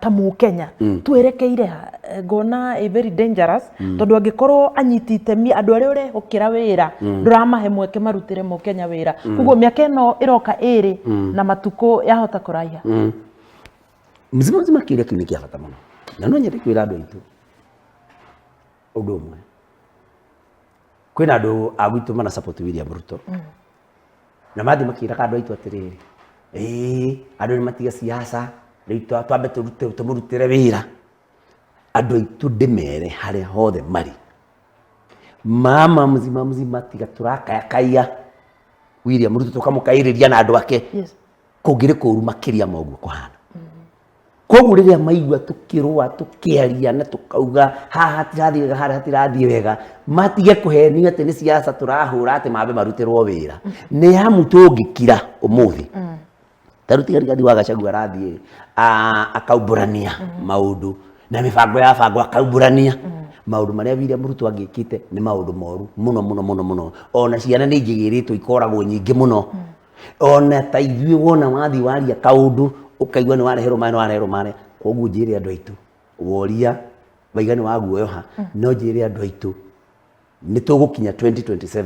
ta mukenya mm. twerekeire ha eh, ngona a very dangerous mm. tondu angikorwo anyiti itemi andu ure ukira wira nduramahe mm. mweke marutire mukenya wira koguo mm. miaka no iroka iri mm. na matuko yahota kuraiha mm. mzima mzima kiuria kiu ni kia bata muno na no nyende kwira andu aitu undu umwe kwina andu a gwitu mana support William Ruto mm. na mathi makiraga andu aitu atiriri ĩĩ andũ nĩ matiga siasa riu twambe andå aitå ndä mere harä a hothe marä mama må mzima mzima tiga turakaya kaiya William Ruto ria na andå ake kå kå ngä rä ru makä kuru makiria kå hana koguo rä rä a maigua tå kä rå a tå kä aria na tå kauga haha hatirathiä wega harä hatirathiä wega matige kå heni atä nä ciaca tå rahå ra atä mambe marutä rwo wä ra mm. nä yamå tå ngä kira å må mm. thä tarä tigari waga chagua radhi arathiä akaumbårania maudu mhm. na mä bango ya bango akaumbårania maudu mhm. maria wiria murutwo angikite ni maudu moru muno muno muno muno ona ciana ni njigiritwo ikoragwo nyingi muno mhm. ona ta ithuĩ wona wathi waria kaundu ukaigwa ni wareherwo mane wareherwo mane koguo njĩre andũ aitũ woria baigani wa guoyoha no njĩre andũ aitũ ni tå gå kinya 2027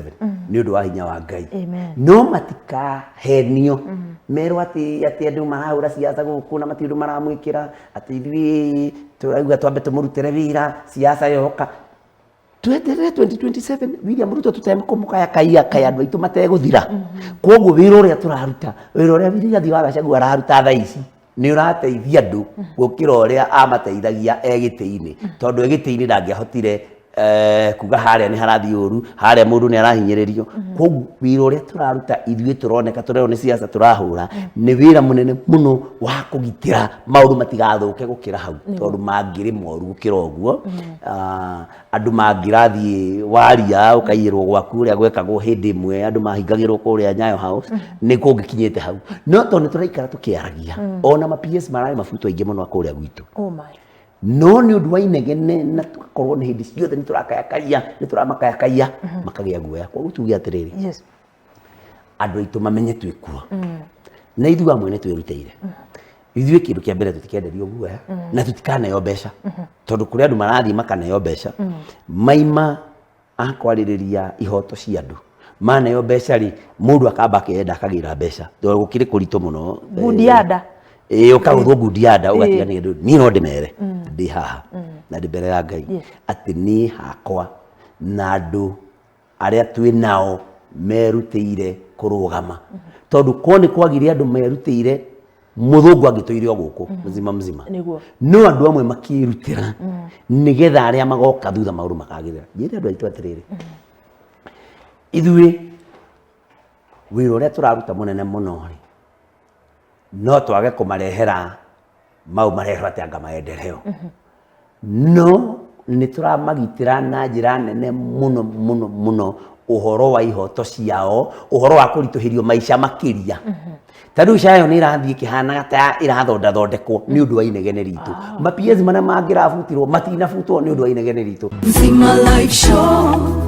nä å ndå wa hinya wa ngai no matikahenio mm-hmm. merwo atä andå marahå ra ciaca gå kå na matiå ndå maramwä kä ra atä ithuä tårauga twambe tå må rutä re ciaca yoka tweterere 2027 wiria må rutwo tå temekå må kaya kaia kaya andå aitå mategå thira mm-hmm. koguo wä ra å rä a tå raruta wä ra å rä a wirigathi wa gacagu araruta thaa ici nä å rateithia andå mm-hmm. gå kä ra å rä a amateithagia egä tä inä tondå egä tä inä ndangä ahotire eh kuga haria ni harathi uru haria mundu ni arahinyiririo mm-hmm. ko wira uria turaruta ithwe turoneka turero ni siasa turahura ni wira munene mm. muno wa kũgitĩra maũndũ matigathũke gukira hau tondu mangiri moru gukira oguo mm. ah, andu mangirathi waria ũkaiyĩrwo gwaku gweka gwekagwo hindi mwe andu mahingagirwo kuria Nyayo House mm. nĩ kũngĩkinyĩte hau no tondũ nĩ tũraikara tũkĩaragia ona ma PS mararĩ muno akuria mũno oh my no ni å wa inegene na tågakorwo nä hä ndä ciothe nä tå rakayakaia nä tå ramakayakaia mm-hmm. makagä a guoya kwa tuge atä rä yes andå aitå mamenye twä kuo mm. na ithuä amwe nä twä rutä ire mm. ithuä kä ndå kä a mbere tå tikenderio guoya mm. na tå tikaneo mbeca mm-hmm. tondå kå rä andå marathiä makaneo mbeca maima akwarä rä ria ihoto cia andå maneo mbeca rä må ndå akamba akenda akagä ra mbeca gå kä rä kå ritå må no ngundi yanda å kagå thwo ngundi yanda å gatiga nä niä no ndä ndi haha na ndi mbere ya Ngai ati ni hakwa na andũ arĩa twĩ nao merutĩire kurugama mm-hmm. tondu koni nĩ kwagire andũ merutĩire mũthũngũ angĩtũire o gũkũ mm-hmm. mzima mzima no andũ amwe makirutira mm. nigetha arĩa magoka thutha mauru makagĩrĩra njĩre andũ aitwa tiriri mm-hmm. ithuĩ wĩra ũrĩa tũraruta mũnene mũno no twage kumarehera mau marehwo atä anga maendereo no nä tå ramagitä ra na njä ra nene må no må no å horo wa ihoto ciao å horo wa kå ritå hä rio maica makä ria ta rä u cayo nä ĩrathiä kä hanaga ta ä rathondathondekwo nä å ndå wa inegene ritå ah. maps marä a mangä rabutirwo matinabutuo nä å ndå wa inegene ritå